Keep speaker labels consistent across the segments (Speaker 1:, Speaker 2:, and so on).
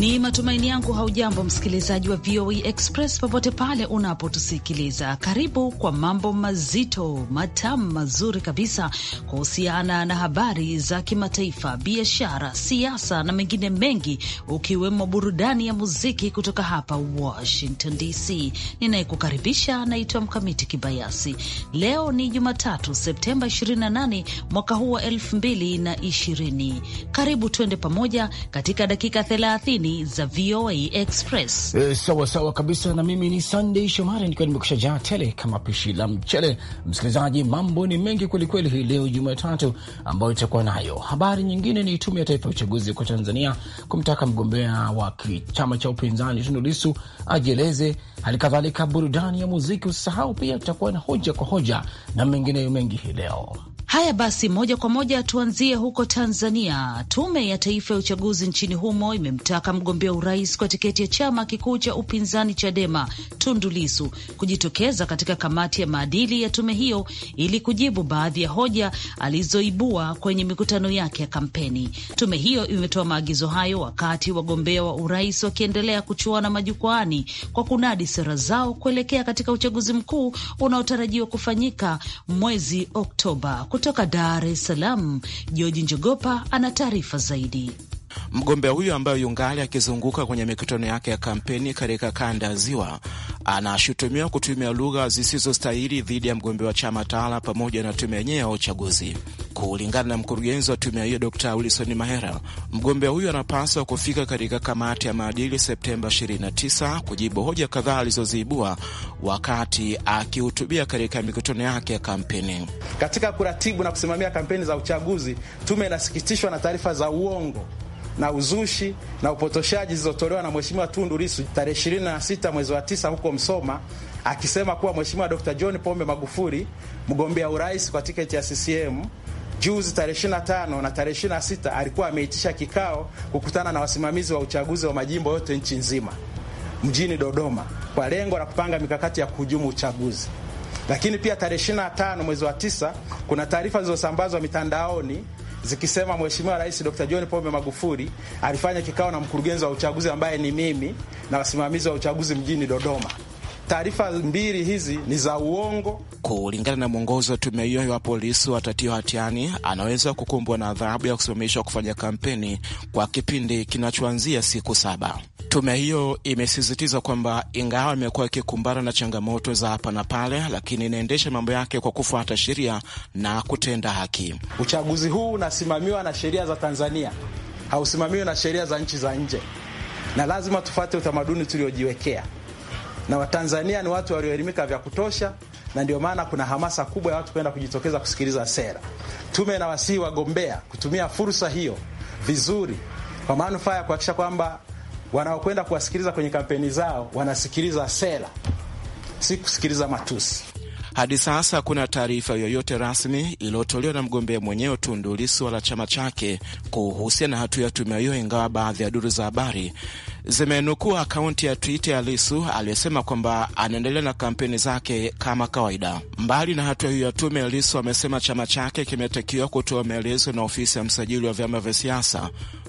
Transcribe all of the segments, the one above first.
Speaker 1: Ni matumaini yangu haujambo msikilizaji wa VOA e Express popote pale unapotusikiliza. Karibu kwa mambo mazito matamu mazuri kabisa kuhusiana na habari za kimataifa, biashara, siasa na mengine mengi, ukiwemo burudani ya muziki kutoka hapa Washington DC. Ninayekukaribisha naitwa Mkamiti Kibayasi. Leo ni Jumatatu, Septemba 28 mwaka huu wa 2020. Karibu tuende pamoja katika dakika 30 ndani za VOA Express.
Speaker 2: E, sawa sawa kabisa, na mimi ni Sunday Shomari nikiwa nimekusha jaa tele kama pishi la mchele. Msikilizaji, mambo ni mengi kwelikweli hii leo Jumatatu ambayo itakuwa nayo habari nyingine. Ni Tume ya Taifa ya Uchaguzi kwa Tanzania kumtaka mgombea wa chama cha upinzani Tundu Lissu ajieleze. Hali kadhalika burudani ya muziki, usisahau pia tutakuwa na hoja kwa hoja na mengineyo mengi hii leo.
Speaker 1: Haya basi, moja kwa moja tuanzie huko Tanzania. Tume ya Taifa ya Uchaguzi nchini humo imemtaka mgombea urais kwa tiketi ya chama kikuu cha upinzani Chadema Tundu Lissu kujitokeza katika kamati ya maadili ya tume hiyo ili kujibu baadhi ya hoja alizoibua kwenye mikutano yake ya kampeni. Tume hiyo imetoa maagizo hayo wakati wagombea wa urais wakiendelea kuchuana majukwaani kwa kunadi sera zao kuelekea katika uchaguzi mkuu unaotarajiwa kufanyika mwezi Oktoba. Kutoka Dar es Salaam, Georgi Njogopa ana taarifa zaidi.
Speaker 3: Mgombea huyo ambaye yungali akizunguka kwenye mikutano yake ya kampeni katika kanda ya Ziwa anashutumiwa kutumia lugha zisizostahili dhidi ya mgombea wa chama tawala pamoja na tume yenyewe ya uchaguzi. Kulingana na mkurugenzi wa tume hiyo Dr Wilson Mahera, mgombea huyo anapaswa kufika katika kamati ya maadili Septemba 29 kujibu hoja kadhaa alizoziibua wakati akihutubia
Speaker 4: katika mikutano yake ya kampeni. Katika kuratibu na kusimamia kampeni za uchaguzi, tume inasikitishwa na taarifa za uongo na uzushi na upotoshaji zilizotolewa na Mheshimiwa Tundu Lissu tarehe 26 mwezi wa 9 huko Msoma, akisema kuwa Mheshimiwa Dr John Pombe Magufuli mgombea urais kwa tiketi ya CCM juzi tarehe 25 na tarehe 26 alikuwa ameitisha kikao kukutana na wasimamizi wa uchaguzi wa majimbo yote nchi nzima mjini Dodoma kwa lengo la kupanga mikakati ya kuhujumu uchaguzi. Lakini pia tarehe 25 mwezi wa tisa kuna taarifa zilizosambazwa mitandaoni zikisema Mheshimiwa Rais Dr. John Pombe Magufuli alifanya kikao na mkurugenzi wa uchaguzi ambaye ni mimi na wasimamizi wa uchaguzi mjini Dodoma taarifa mbili hizi ni za uongo.
Speaker 3: Kulingana na mwongozo wa tume hiyo, iwapo polisi watatiwa hatiani, anaweza kukumbwa na adhabu ya kusimamishwa kufanya kampeni kwa kipindi kinachoanzia siku saba. Tume hiyo imesisitiza kwamba ingawa imekuwa ikikumbana na changamoto za hapa na pale, lakini
Speaker 4: inaendesha mambo yake kwa kufuata sheria na kutenda haki. Uchaguzi huu unasimamiwa na sheria za Tanzania, hausimamiwi na sheria za nchi za nje, na lazima tufuate utamaduni tuliojiwekea na Watanzania ni watu walioelimika vya kutosha, na ndio maana kuna hamasa kubwa ya watu kwenda kujitokeza kusikiliza sera. Tume na wasii wagombea kutumia fursa hiyo vizuri kwa manufaa ya kuhakikisha kwamba wanaokwenda kuwasikiliza kwenye kampeni zao wanasikiliza sera, si kusikiliza matusi.
Speaker 3: Hadi sasa hakuna taarifa yoyote rasmi iliyotolewa na mgombea mwenyewe Tundu Lissu wala chama chake kuhusiana na hatua ya tume hiyo, ingawa baadhi ya duru za habari zimenukuu akaunti ya Twitter ya Lisu aliyesema kwamba anaendelea na kampeni zake kama kawaida. Mbali na hatua hiyo ya tume, Lisu amesema chama chake kimetakiwa kutoa maelezo na ofisi ya msajili wa vyama vya siasa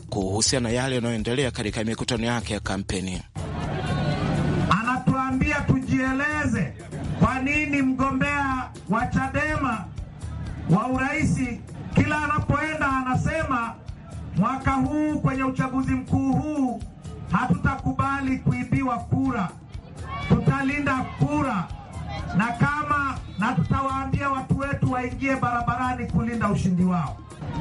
Speaker 3: kuhusiana na yale yanayoendelea katika mikutano yake ya kampeni.
Speaker 4: Anatuambia tujieleze, kwa nini mgombea wa Chadema wa uraisi kila anapoenda anasema mwaka huu kwenye uchaguzi mkuu huu Hatutakubali kuibiwa kura, tutalinda kura na kama na tutawaambia watu wetu waingie barabarani kulinda ushindi wao.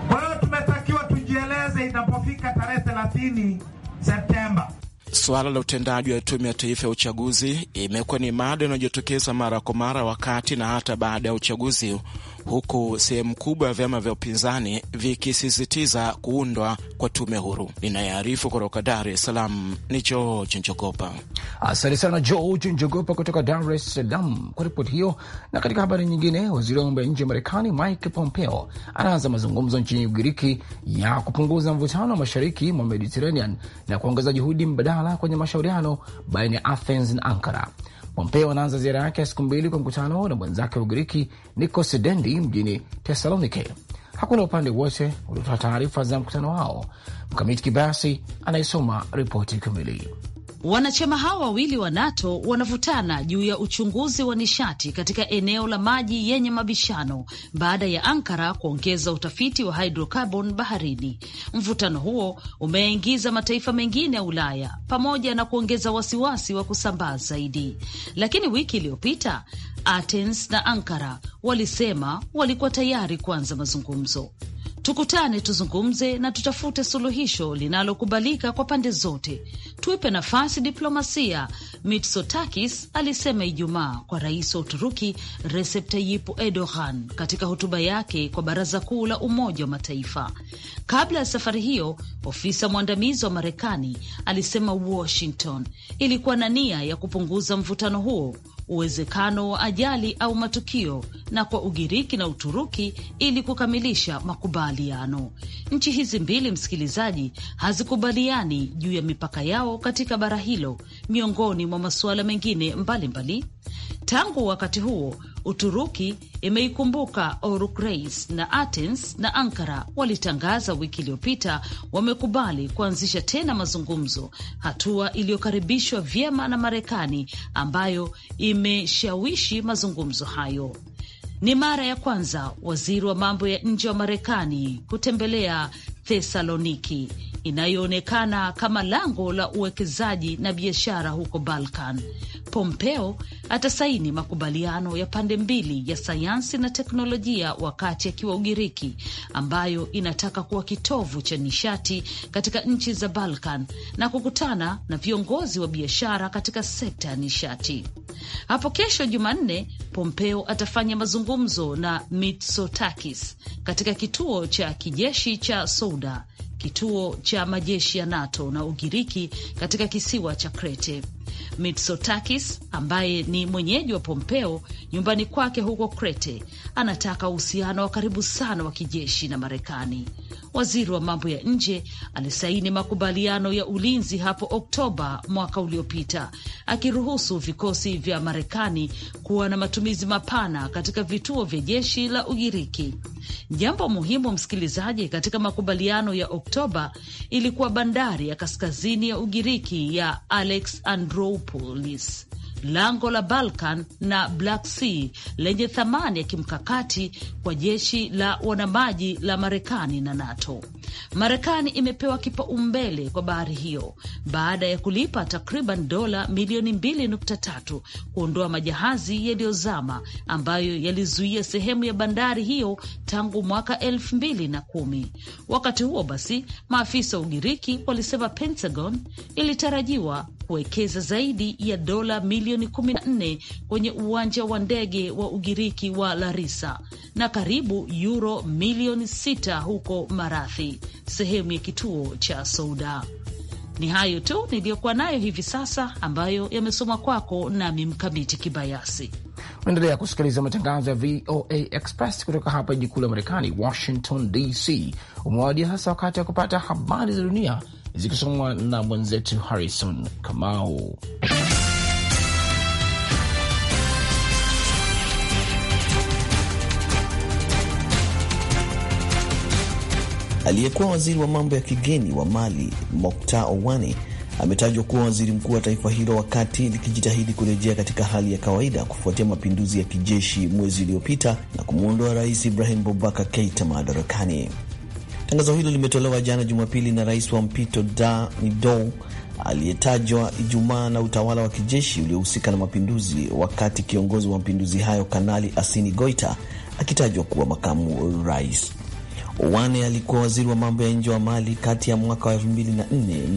Speaker 4: Kwa hiyo tumetakiwa tujieleze inapofika tarehe 30 Septemba.
Speaker 3: Suala la utendaji wa Tume ya Taifa ya Uchaguzi imekuwa ni mada inayojitokeza mara kwa mara wakati na hata baada ya uchaguzi, huku sehemu kubwa ya vyama vya upinzani vikisisitiza kuundwa kwa tume huru. Ninayearifu kutoka Dar es Salaam ni George
Speaker 2: Njogopa. Asante sana George Njogopa kutoka Dar es Salaam kwa ripoti hiyo. Na katika habari nyingine, waziri wa mambo ya nje wa Marekani Mike Pompeo anaanza mazungumzo nchini Ugiriki ya kupunguza mvutano wa mashariki mwa Mediterranean na kuongeza juhudi mbadala mjadala kwenye mashauriano baina ya Athens na Ankara. Pompeo anaanza ziara yake ya siku mbili kwa mkutano na mwenzake wa Ugiriki Nikos Dendi mjini Thessalonike. Hakuna upande wote uliotoa taarifa za mkutano wao. Mkamiti Kibayasi anayesoma ripoti kamili.
Speaker 1: Wanachama hao wawili wa NATO wanavutana juu ya uchunguzi wa nishati katika eneo la maji yenye mabishano baada ya Ankara kuongeza utafiti wa hydrocarbon baharini. Mvutano huo umeingiza mataifa mengine ya Ulaya pamoja na kuongeza wasiwasi wa kusambaa zaidi. Lakini wiki iliyopita Athens na Ankara walisema walikuwa tayari kuanza mazungumzo. Tukutane, tuzungumze na tutafute suluhisho linalokubalika kwa pande zote, tuipe nafasi diplomasia, Mitsotakis alisema Ijumaa kwa rais wa Uturuki Recep Tayyip Erdogan katika hotuba yake kwa Baraza Kuu la Umoja wa Mataifa. Kabla ya safari hiyo, ofisa mwandamizi wa Marekani alisema Washington ilikuwa na nia ya kupunguza mvutano huo uwezekano wa ajali au matukio na kwa Ugiriki na Uturuki ili kukamilisha makubaliano. Nchi hizi mbili, msikilizaji, hazikubaliani juu ya mipaka yao katika bara hilo, miongoni mwa masuala mengine mbalimbali mbali. Tangu wakati huo Uturuki imeikumbuka Oruk na Athens na Ankara walitangaza wiki iliyopita wamekubali kuanzisha tena mazungumzo, hatua iliyokaribishwa vyema na Marekani ambayo imeshawishi mazungumzo hayo. Ni mara ya kwanza waziri wa mambo ya nje wa Marekani kutembelea Thessaloniki inayoonekana kama lango la uwekezaji na biashara huko Balkan. Pompeo atasaini makubaliano ya pande mbili ya sayansi na teknolojia wakati akiwa Ugiriki, ambayo inataka kuwa kitovu cha nishati katika nchi za Balkan na kukutana na viongozi wa biashara katika sekta ya nishati. Hapo kesho Jumanne, Pompeo atafanya mazungumzo na Mitsotakis katika kituo cha kijeshi cha Souda kituo cha majeshi ya NATO na Ugiriki katika kisiwa cha Krete. Mitsotakis ambaye ni mwenyeji wa Pompeo nyumbani kwake huko Crete anataka uhusiano wa karibu sana wa kijeshi na Marekani. Waziri wa mambo ya nje alisaini makubaliano ya ulinzi hapo Oktoba mwaka uliopita, akiruhusu vikosi vya Marekani kuwa na matumizi mapana katika vituo vya jeshi la Ugiriki. Jambo muhimu, msikilizaji, katika makubaliano ya Oktoba ilikuwa bandari ya kaskazini ya Ugiriki ya Alex Andru Andropolis, lango la Balkan na Black Sea lenye thamani ya kimkakati kwa jeshi la wanamaji la Marekani na NATO. Marekani imepewa kipaumbele kwa bahari hiyo baada ya kulipa takriban dola milioni 2.3 kuondoa majahazi yaliyozama ambayo yalizuia sehemu ya bandari hiyo tangu mwaka 2010. Wakati huo basi, maafisa wa Ugiriki walisema Pentagon ilitarajiwa kuwekeza zaidi ya dola milioni 14 kwenye uwanja wa ndege wa Ugiriki wa Larisa na karibu yuro milioni sita huko Marathi, sehemu ya kituo cha Souda. Ni hayo tu niliyokuwa nayo hivi sasa ambayo yamesoma kwako nami Mkamiti Kibayasi.
Speaker 2: Unaendelea kusikiliza matangazo ya VOA Express kutoka hapa jiji kuu la Marekani, Washington DC. Umewadia sasa wakati wa kupata habari za dunia zikisomwa na mwenzetu Harrison Kamau.
Speaker 5: Aliyekuwa waziri wa mambo ya kigeni wa Mali, Mokta owani ametajwa kuwa waziri mkuu wa taifa hilo wakati likijitahidi kurejea katika hali ya kawaida kufuatia mapinduzi ya kijeshi mwezi uliopita na kumwondoa rais Ibrahim Boubacar Keita madarakani. Tangazo hilo limetolewa jana Jumapili na rais wa mpito Da Doe aliyetajwa Ijumaa na utawala wa kijeshi uliohusika na mapinduzi, wakati kiongozi wa mapinduzi hayo Kanali Asini Goita akitajwa kuwa makamu rais. Wane alikuwa waziri wa mambo ya nje wa Mali kati ya mwaka wa 2004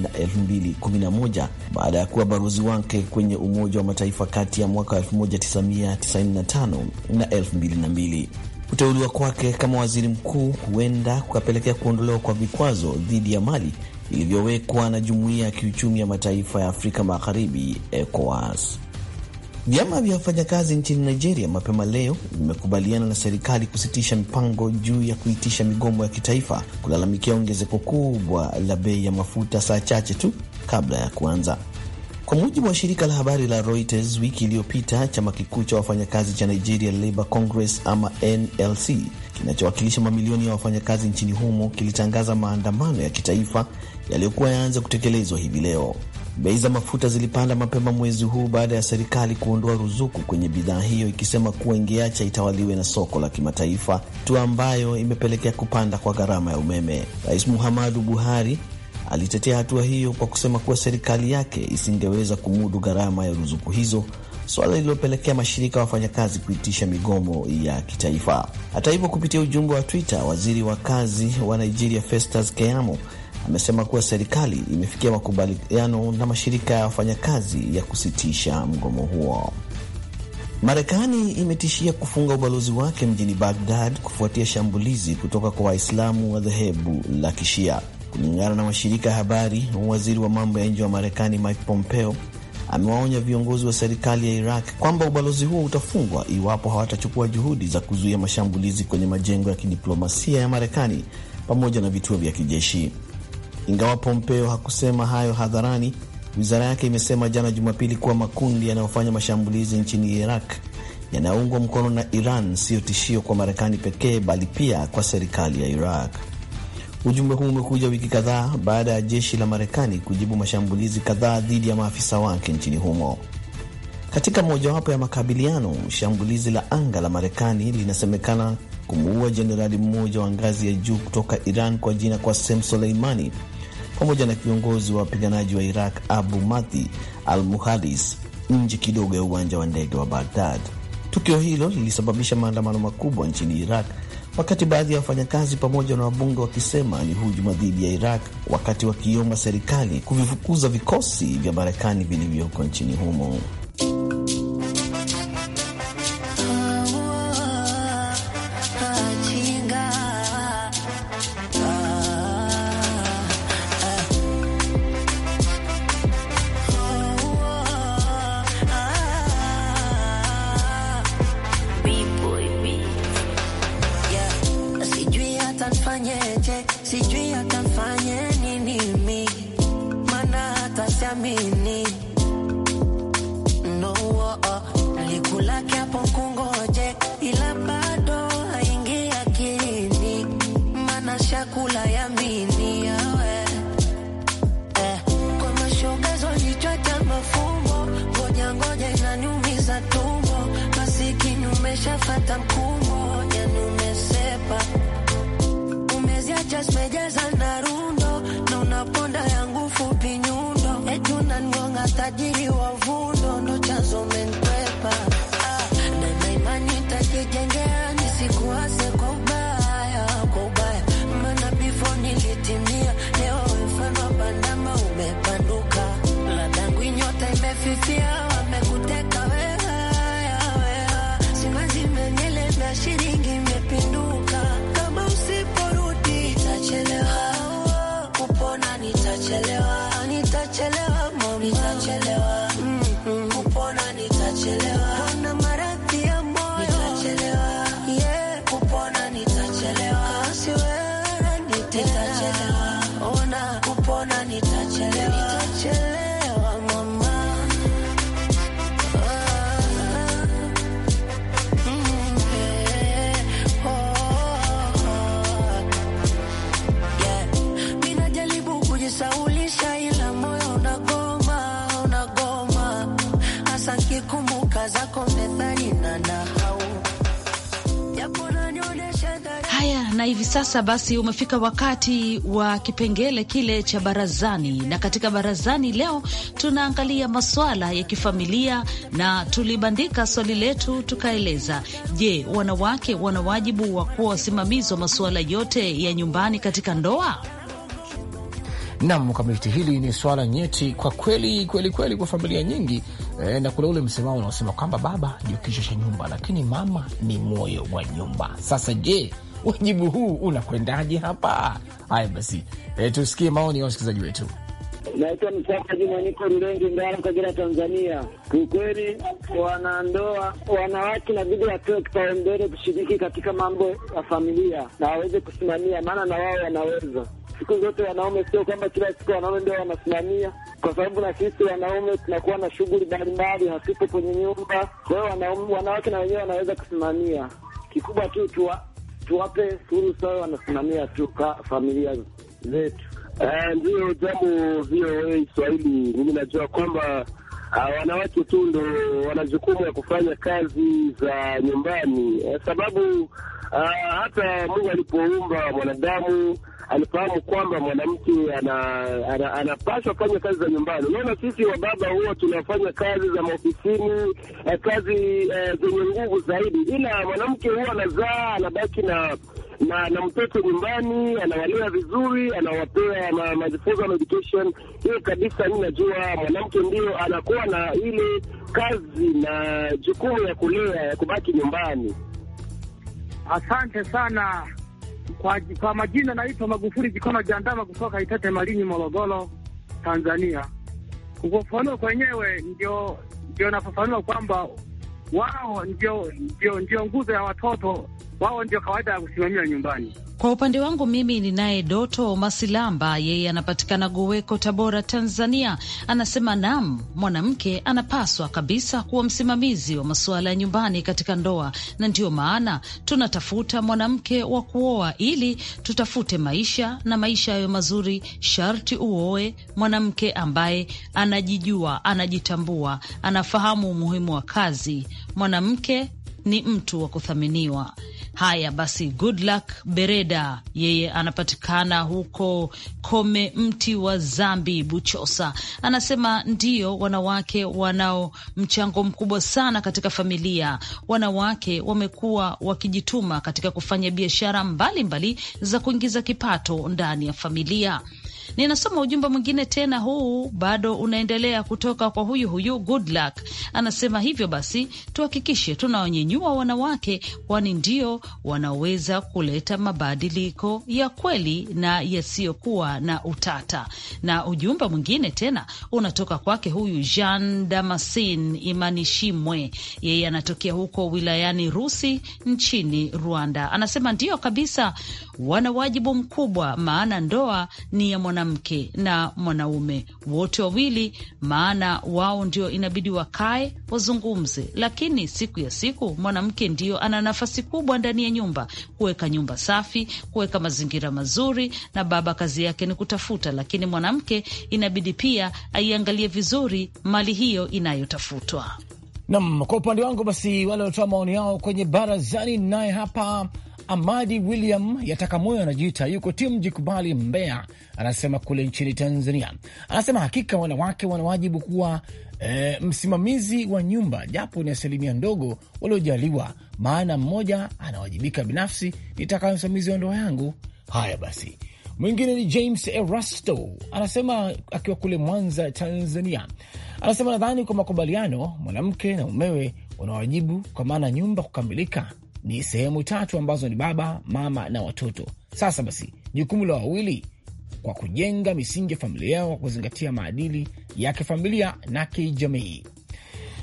Speaker 5: na 2011 baada ya kuwa balozi wake kwenye Umoja wa Mataifa kati ya mwaka wa 1995 na 2002. Kuteuliwa kwake kama waziri mkuu huenda kukapelekea kuondolewa kwa vikwazo dhidi ya Mali ilivyowekwa na Jumuiya ya Kiuchumi ya Mataifa ya Afrika Magharibi, ECOWAS. Vyama vya wafanyakazi nchini Nigeria mapema leo vimekubaliana na serikali kusitisha mipango juu ya kuitisha migomo ya kitaifa kulalamikia ongezeko kubwa la bei ya mafuta saa chache tu kabla ya kuanza. Kwa mujibu wa shirika la habari la Reuters, wiki iliyopita chama kikuu cha wafanyakazi cha Nigeria Labour Congress ama NLC kinachowakilisha mamilioni ya wafanyakazi nchini humo kilitangaza maandamano ya kitaifa yaliyokuwa yaanze kutekelezwa hivi leo. Bei za mafuta zilipanda mapema mwezi huu baada ya serikali kuondoa ruzuku kwenye bidhaa hiyo, ikisema kuwa ingeacha itawaliwe na soko la kimataifa, tu ambayo imepelekea kupanda kwa gharama ya umeme. Rais Muhammadu Buhari alitetea hatua hiyo kwa kusema kuwa serikali yake isingeweza kumudu gharama ya ruzuku hizo, suala lililopelekea mashirika ya wafanyakazi kuitisha migomo ya kitaifa. Hata hivyo, kupitia ujumbe wa Twitter, waziri wa kazi wa Nigeria Festus Keyamo amesema kuwa serikali imefikia makubaliano na mashirika ya wafanyakazi ya kusitisha mgomo huo. Marekani imetishia kufunga ubalozi wake mjini Bagdad kufuatia shambulizi kutoka kwa Waislamu wa dhehebu la Kishia. Kulingana na mashirika ya habari, waziri wa mambo ya nje wa Marekani Mike Pompeo amewaonya viongozi wa serikali ya Iraq kwamba ubalozi huo utafungwa iwapo hawatachukua juhudi za kuzuia mashambulizi kwenye majengo ya kidiplomasia ya Marekani pamoja na vituo vya kijeshi. Ingawa Pompeo hakusema hayo hadharani, wizara yake imesema jana Jumapili kuwa makundi yanayofanya mashambulizi nchini Iraq yanayoungwa mkono na Iran siyo tishio kwa Marekani pekee bali pia kwa serikali ya Iraq. Ujumbe huu umekuja wiki kadhaa baada ya jeshi la Marekani kujibu mashambulizi kadhaa dhidi ya maafisa wake nchini humo. Katika mojawapo ya makabiliano, shambulizi la anga la Marekani linasemekana kumuua jenerali mmoja wa ngazi ya juu kutoka Iran kwa jina Qasem Soleimani pamoja na kiongozi wa wapiganaji wa Iraq Abu mathi al Muhadis nje kidogo ya uwanja wa ndege wa Baghdad. Tukio hilo lilisababisha maandamano makubwa nchini Iraq, wakati baadhi ya wafanyakazi pamoja na wabunge wakisema ni hujuma dhidi ya Iraq, wakati wakiomba serikali kuvifukuza vikosi vya Marekani vilivyoko nchini humo.
Speaker 1: hivi sasa basi umefika wakati wa kipengele kile cha barazani, na katika barazani leo tunaangalia masuala ya kifamilia, na tulibandika swali letu tukaeleza, je, wanawake wana wajibu wa kuwa wasimamizi wa masuala yote ya nyumbani katika ndoa?
Speaker 2: Nam kamiti, hili ni swala nyeti kwa kweli kweli kweli kwa familia nyingi e, na kuna ule msemao unaosema kwamba baba ndio kichwa cha nyumba, lakini mama ni moyo wa nyumba. Sasa je, wajibu huu unakwendaje hapa? Haya basi, e, tusikie maoni ya wasikilizaji wetu.
Speaker 6: Naitwa Msaka Juma, niko Rulengi, Ngara, Kagera, Tanzania. Kiukweli, wanandoa wanawake inabidi wapewe kipaumbele kushiriki katika mambo ya familia na waweze kusimamia, maana na wao wanaweza. Siku zote wanaume, sio kwamba kila siku wanaume ndio wanasimamia, kwa sababu na sisi wanaume tunakuwa na shughuli mbalimbali, hatupo kwenye nyumba. Kwa hiyo wanawake na wenyewe wanaweza kusimamia. Kikubwa tu tuwa tuwape fursa, wanasimamia tu ka familia zetu. Eh, ndio jambo VOA Swahili, mimi najua kwamba ah, wanawake tu ndo wana jukumu ya kufanya kazi za nyumbani, eh, sababu ah, hata Mungu alipoumba mwanadamu alifahamu kwamba mwanamke anapaswa ana, ana, fanya kazi za nyumbani. Unaona, sisi wa baba huwa tunafanya kazi za maofisini, eh, kazi eh, zenye nguvu zaidi, ila mwanamke huwa anazaa, anabaki na na na mtoto nyumbani, anawalea vizuri, anawapea majifunzo na education hiyo kabisa. Mi najua mwanamke ndio anakuwa na ile kazi na jukumu ya kulea ya kubaki nyumbani.
Speaker 7: Asante sana kwa, kwa majina naitwa Magufuli jikono Jandama kutoka Itete Malinyi, Morogoro, Tanzania. Kukufafanua kwenyewe ndio ndio nafafanua kwamba wao ndio ndio nguzo ya watoto wao ndio kawaida ya kusimamia nyumbani.
Speaker 1: Kwa upande wangu mimi ni naye Doto Masilamba, yeye anapatikana Goweko, Tabora, Tanzania. Anasema nam, mwanamke anapaswa kabisa kuwa msimamizi wa masuala ya nyumbani katika ndoa, na ndiyo maana tunatafuta mwanamke wa kuoa ili tutafute maisha na maisha yayo mazuri. Sharti uoe mwanamke ambaye anajijua, anajitambua, anafahamu umuhimu wa kazi. Mwanamke ni mtu wa kuthaminiwa. Haya basi, good luck Bereda, yeye anapatikana huko Kome Mti wa Zambi, Buchosa, anasema ndio wanawake wanao mchango mkubwa sana katika familia. Wanawake wamekuwa wakijituma katika kufanya biashara mbalimbali za kuingiza kipato ndani ya familia. Ninasoma ujumbe mwingine tena, huu bado unaendelea kutoka kwa huyu huyu Goodluck. Anasema hivyo basi tuhakikishe tunaonyenyua wanawake, kwani ndio wanaweza kuleta mabadiliko ya kweli na yasiyokuwa na utata. Na ujumbe mwingine tena unatoka kwake huyu Jean Damasin Imanishimwe, yeye anatokea huko wilayani Rusi nchini Rwanda. Anasema ndiyo kabisa, wana wajibu mkubwa, maana ndoa ni ya mwanamke na mwanaume, wote wawili, maana wao ndio inabidi wakae wazungumze. Lakini siku ya siku mwanamke ndio ana nafasi kubwa ndani ya nyumba, kuweka nyumba safi, kuweka mazingira mazuri, na baba kazi yake ni kutafuta, lakini mwanamke inabidi pia aiangalie vizuri mali hiyo inayotafutwa.
Speaker 2: Nam, kwa upande wangu basi, wale waliotoa maoni yao kwenye barazani, naye hapa Amadi William yataka moyo anajiita yuko timu Jikubali Mbeya, anasema kule nchini Tanzania, anasema hakika wanawake wanawajibu kuwa e, msimamizi wa nyumba, japo ni asilimia ndogo waliojaliwa, maana mmoja anawajibika binafsi. Nitaka msimamizi wa ndoa yangu. Haya basi Mwingine ni James Erasto anasema akiwa kule Mwanza, Tanzania, anasema nadhani kwa makubaliano mwanamke na mumewe unawajibu kwa maana nyumba kukamilika ni sehemu tatu ambazo ni baba, mama na watoto. Sasa basi, jukumu la wawili kwa kujenga misingi ya familia yao kwa kuzingatia maadili ya kifamilia na kijamii.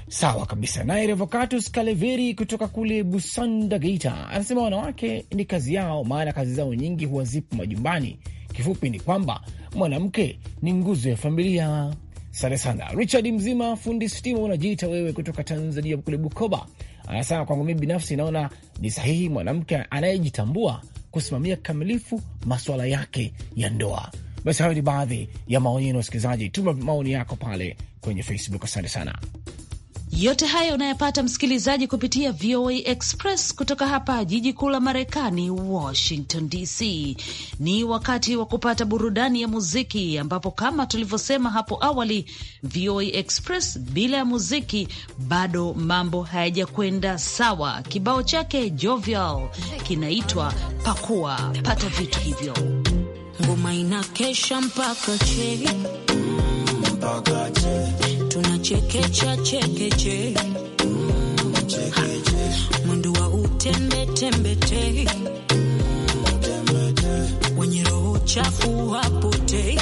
Speaker 2: Sawa kabisa. Naye Revocatus Kaleveri kutoka kule Busanda, Geita, anasema wanawake ni kazi yao, maana kazi zao nyingi huwa zipo majumbani. Kifupi ni kwamba mwanamke ni nguzo ya familia. Asante sana Richard Mzima, fundi stima, unajiita wewe kutoka Tanzania, kule Bukoba, Anasema kwangu mimi binafsi naona ni sahihi mwanamke anayejitambua kusimamia kikamilifu masuala yake ya ndoa. Basi hayo ni baadhi ya maoni yenu, wasikilizaji. Tuma maoni yako pale kwenye Facebook. Asante sana.
Speaker 1: Yote hayo unayapata msikilizaji, kupitia VOA Express kutoka hapa jiji kuu la Marekani, Washington DC. Ni wakati wa kupata burudani ya muziki, ambapo kama tulivyosema hapo awali, VOA Express bila ya muziki bado mambo hayajakwenda sawa. Kibao chake Jovial kinaitwa Pakua, pata vitu hivyo. Ngoma inakesha mpaka cheli,
Speaker 4: mpaka
Speaker 8: chekecha chekeche mwendo wa utembe tembete wenye roho chafu hapotei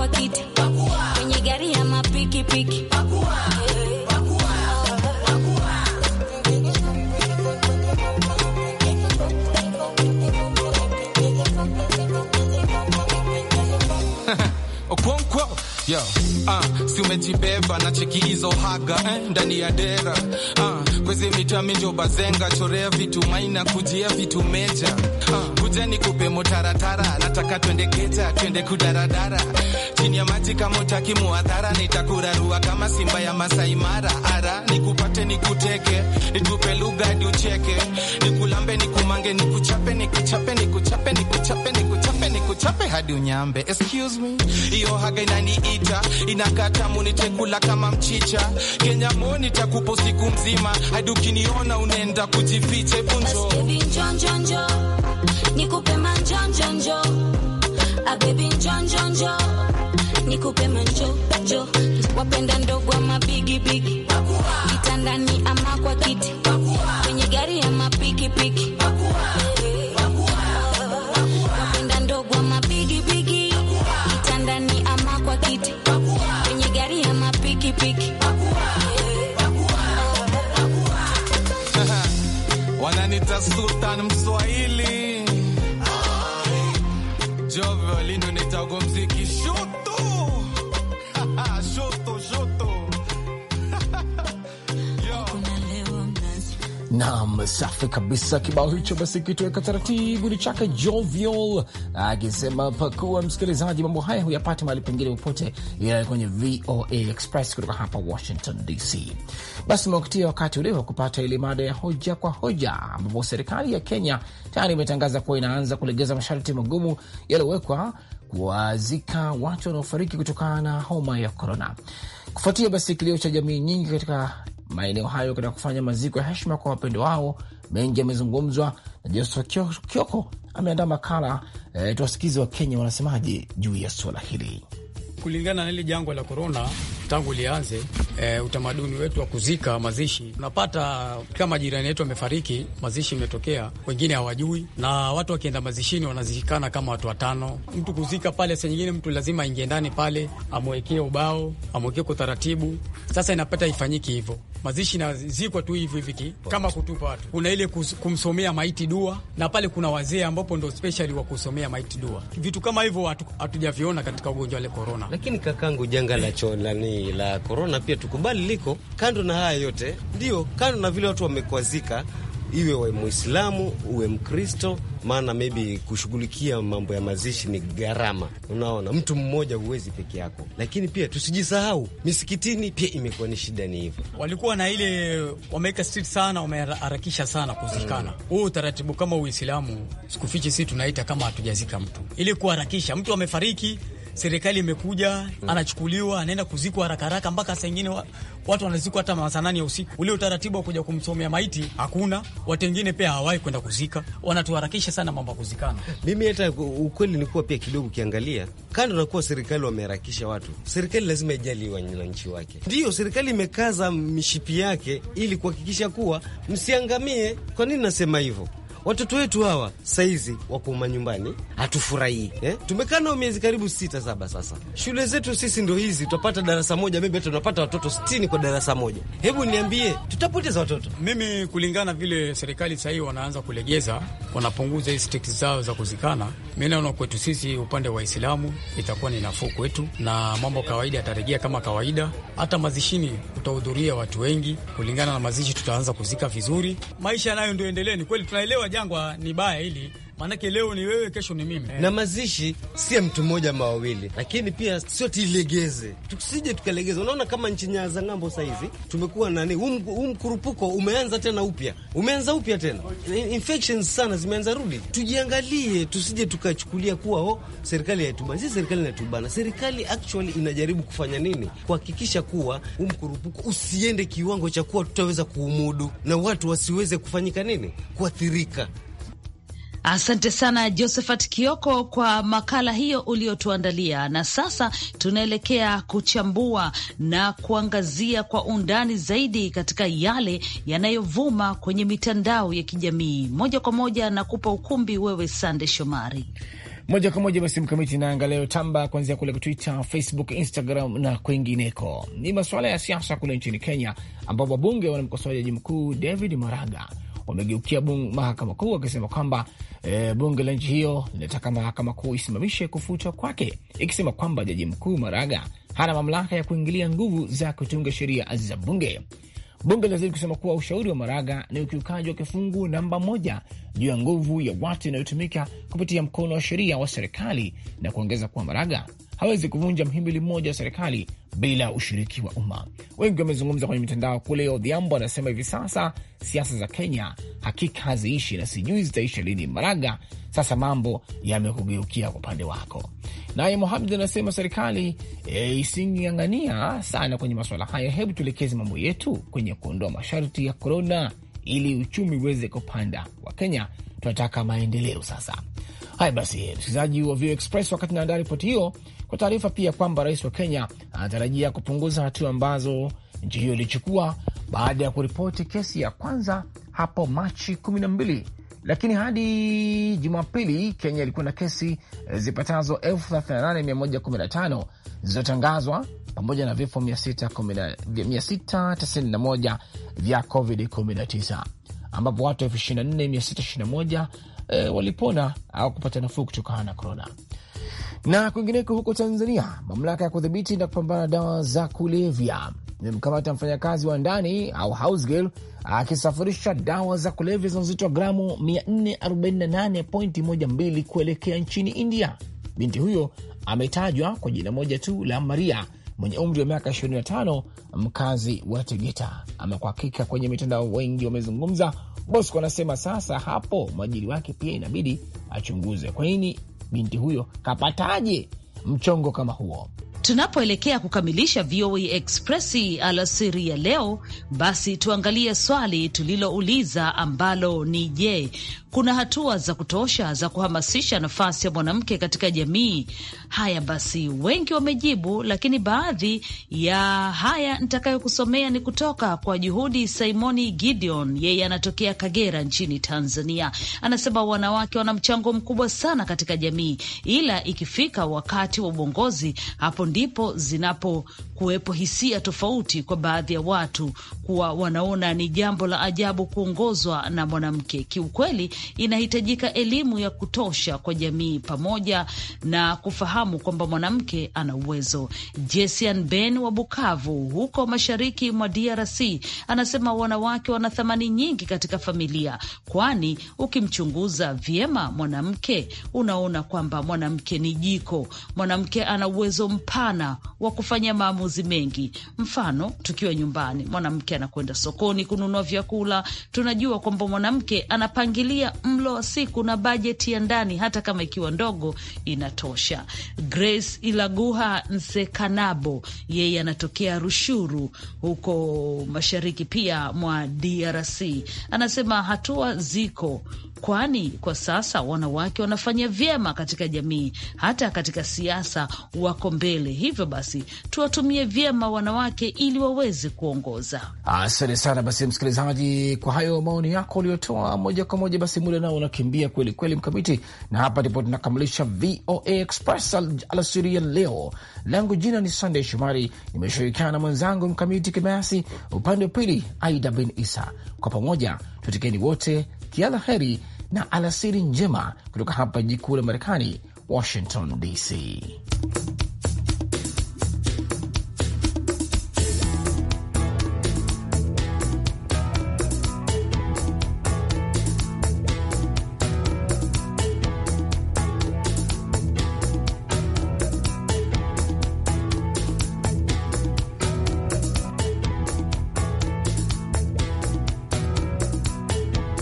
Speaker 8: kwa kiti kwenye gari ya mapikipiki
Speaker 4: yeah. Ah, si umejibeba na cheki hizo haga eh, ndani ya dera ah, kwezi mita minjo bazenga chorea vitu maina kujia vitu meja ah, kuja ni kupe motaratara nataka twende keta twende kudaradara chini ya maji kama utaki muadhara nitakurarua kama simba ya Masai Mara ara nikupate nikuteke nitupe lugha hadi ucheke nikulambe nikumange nikuchape nikuchape nikuchape nikuchape nikuchape nikuchape hadi unyambe excuse me hiyo haga inaniita ina inakata munitekula kama mchicha Kenya moni takupo siku mzima hadi ukiniona unaenda kujificha punjo
Speaker 8: nikupe manjonjonjo ah, abebi njonjonjo nikupe manjo manjojo wapenda ndogo ama bigi bigibigi vitandani ama kwa kiti kwenye gari ama pikipiki
Speaker 4: no soyil
Speaker 2: nam safi kabisa kibao hicho. Basi kituweka taratibu ni chake Jovial akisema pakuwa msikilizaji, mambo haya huyapate mahali pengine popote, ila kwenye VOA Express kutoka hapa Washington DC. Basi umewakutia wakati ule wa kupata ile mada ya hoja kwa hoja, ambapo serikali ya Kenya tayari imetangaza kuwa inaanza kulegeza masharti magumu yaliyowekwa kuwazika watu wanaofariki kutokana na homa ya korona, kufuatia basi kilio cha jamii nyingi katika maeneo hayo katika kufanya maziko ya heshima kwa wapendo wao. Mengi yamezungumzwa na Joseph Kioko ameandaa makala e, eh, tuwasikizi wa Kenya wanasemaje juu ya swala hili.
Speaker 7: Kulingana na hili jangwa la korona tangu lianze, e, utamaduni wetu wa kuzika mazishi, unapata kama jirani yetu amefariki, mazishi imetokea, wengine hawajui, na watu wakienda mazishini wanazikana kama watu watano. Mtu kuzika pale, saa nyingine mtu lazima aingie ndani pale, amwekee ubao, amwekee kwa utaratibu. Sasa inapata ifanyiki hivyo mazishi nazikwa tu hivi hivi kama kutupa watu. Kuna ile kumsomea maiti dua, na pale kuna wazee ambapo ndo speciali wa kusomea maiti dua. Vitu kama hivyo hatujaviona katika ugonjwa wa korona. Lakini kakangu,
Speaker 6: janga la cholani la korona pia tukubali liko kando na haya yote, ndio kando na vile watu wamekwazika iwe we Muislamu uwe Mkristo, maana maybe kushughulikia mambo ya mazishi ni gharama. Unaona, mtu mmoja huwezi peke yako, lakini pia tusijisahau misikitini pia imekuwa ni shida. Ni hivyo
Speaker 7: walikuwa na ile wameweka strict sana, wameharakisha sana kuzikana mm. huu mm. utaratibu kama Uislamu sikufichi, si tunaita kama hatujazika mtu ili kuharakisha mtu amefariki serikali imekuja mm. Anachukuliwa, anaenda kuzikwa haraka haraka, mpaka saa ingine watu wanazikwa hata masaa nane ya usiku. Ule utaratibu wa kuja kumsomea maiti hakuna, watu wengine pia hawai kwenda kuzika, wanatuharakisha sana mambo ya kuzikana.
Speaker 6: Mimi hata ukweli nilikuwa pia kidogo ukiangalia kando na kuwa serikali wameharakisha watu, serikali lazima ijali wananchi wake. Ndiyo serikali imekaza mishipi yake ili kuhakikisha kuwa msiangamie. Kwa nini nasema hivyo? watoto wetu hawa saizi wako manyumbani, hatufurahii eh? Tumekaa nao miezi karibu sita saba sasa. Shule zetu sisi ndo hizi, tutapata darasa moja, mimi tunapata
Speaker 7: watoto sitini kwa darasa moja. Hebu niambie, tutapoteza watoto? Mimi kulingana vile serikali sahii wanaanza kulegeza, wanapunguza hizi stiki zao za kuzikana, mi naona kwetu sisi upande wa Islamu itakuwa ni nafuu kwetu, na mambo kawaida yatarejea kama kawaida. Hata mazishini utahudhuria watu wengi kulingana na mazishi, tutaanza kuzika vizuri. Maisha nayo ndio endelee. Ni kweli tunaelewa jangwa ni baya hili maanake leo ni wewe, kesho ni mimi. Na mazishi
Speaker 6: si ya mtu mmoja ama wawili, lakini pia sio tilegeze, tusije tukalegeza. Unaona kama nchi nyaa za ng'ambo sahizi tumekuwa nani, huu mkurupuko umeanza tena upya, umeanza upya tena, infections sana zimeanza rudi. Tujiangalie, tusije tukachukulia kuwa oh, serikali haitubana. Si serikali inatubana, serikali actually inajaribu kufanya nini kuhakikisha kuwa huu mkurupuko usiende kiwango cha kuwa tutaweza kuumudu na watu wasiweze kufanyika nini, kuathirika.
Speaker 1: Asante sana Josephat Kioko kwa makala hiyo uliotuandalia. Na sasa tunaelekea kuchambua na kuangazia kwa undani zaidi katika yale yanayovuma kwenye mitandao ya kijamii. Moja kwa moja na kupa ukumbi wewe, Sande Shomari. Moja kwa moja
Speaker 2: basi, Mkamiti naanga tamba kuanzia kule Twitter, Facebook, Instagram na kwingineko. Ni masuala ya siasa kule nchini Kenya, ambapo wabunge wanamkosoa jaji mkuu David Maraga wamegeukia mahakama kuu wakisema kwamba E, bunge la nchi hiyo linataka mahakama kuu isimamishe kufutwa kwake, ikisema kwamba jaji mkuu Maraga hana mamlaka ya kuingilia nguvu za kutunga sheria za bunge. Bunge linazidi kusema kuwa ushauri wa Maraga ni ukiukaji wa kifungu namba moja juu ya nguvu ya watu inayotumika kupitia mkono wa sheria wa serikali na kuongeza kuwa Maraga hawezi kuvunja mhimili mmoja wa serikali bila ushiriki wa umma. Wengi wamezungumza kwenye mitandao kule. Odhiambo anasema hivi sasa siasa za Kenya hakika haziishi na sijui zitaisha lini. Maraga, sasa mambo yamekugeukia kwa upande wako. Naye muhamd anasema serikali e, ising'ang'ania sana kwenye masuala hayo. Hebu tuelekeze mambo yetu kwenye kuondoa masharti ya korona ili uchumi uweze kupanda. Wa Kenya tunataka maendeleo. Sasa haya basi, msikilizaji wa VOA Express, wakati naandaa ripoti hiyo kwa taarifa pia kwamba rais wa Kenya anatarajia kupunguza hatua ambazo nchi hiyo ilichukua baada ya kuripoti kesi ya kwanza hapo Machi kumi na mbili, lakini hadi Jumapili Kenya ilikuwa na kesi zipatazo 38115 zilizotangazwa pamoja na vifo 691 vya COVID-19 ambapo watu 24621 e, eh, walipona au kupata nafuu kutokana na korona. Na kwingineko huko Tanzania, mamlaka ya kudhibiti na kupambana dawa za kulevya imemkamata mfanyakazi wa ndani au housegirl akisafirisha dawa za kulevya zenye uzito wa gramu 448.12 kuelekea nchini India. Binti huyo ametajwa kwa jina moja tu la Maria mwenye umri wa miaka 25, mkazi wa Tegeta. Ama hakika, kwenye mitandao wengi wamezungumza. Bosco anasema sasa hapo mwajiri wake pia inabidi achunguze kwa nini binti huyo kapataje mchongo kama huo?
Speaker 1: Tunapoelekea kukamilisha VOA Express alasiri ya leo, basi tuangalie swali tulilouliza ambalo ni je, kuna hatua za kutosha za kuhamasisha nafasi ya mwanamke katika jamii? Haya basi, wengi wamejibu, lakini baadhi ya haya nitakayokusomea ni kutoka kwa Juhudi Simoni Gideon, yeye anatokea Kagera nchini Tanzania. Anasema wanawake wana mchango mkubwa sana katika jamii, ila ikifika wakati wa uongozi, hapo ndi ndipo zinapokuwepo hisia tofauti kwa baadhi ya watu kuwa wanaona ni jambo la ajabu kuongozwa na mwanamke. Kiukweli, inahitajika elimu ya kutosha kwa jamii pamoja na kufahamu kwamba mwanamke ana uwezo. Jesian Ben wa Bukavu huko mashariki mwa DRC anasema wanawake wana thamani nyingi katika familia, kwani ukimchunguza vyema mwanamke unaona kwamba mwanamke ni jiko, mwanamke ana uwezo mpana pana wa kufanya maamuzi mengi. Mfano, tukiwa nyumbani, mwanamke anakwenda sokoni kununua vyakula. Tunajua kwamba mwanamke anapangilia mlo wa siku na bajeti ya ndani, hata kama ikiwa ndogo inatosha. Grace Ilaguha Nsekanabo yeye anatokea Rushuru huko mashariki pia mwa DRC, anasema hatua ziko kwani kwa sasa wanawake wanafanya vyema katika jamii, hata katika siasa wako mbele. Hivyo basi tuwatumie vyema wanawake ili waweze kuongoza.
Speaker 2: Asante sana. Basi msikilizaji, kwa hayo maoni yako uliotoa moja kwa moja, basi muda nao unakimbia kweli kweli, Mkamiti, na hapa ndipo tunakamilisha VOA Express alasiri ya leo. Langu jina ni Sandey Shomari, nimeshirikiana na mwenzangu Mkamiti Kibayasi, upande wa pili Aida bin Isa. Kwa pamoja tutikeni wote kila la heri na alasiri njema kutoka hapa jikuu la Marekani, Washington DC.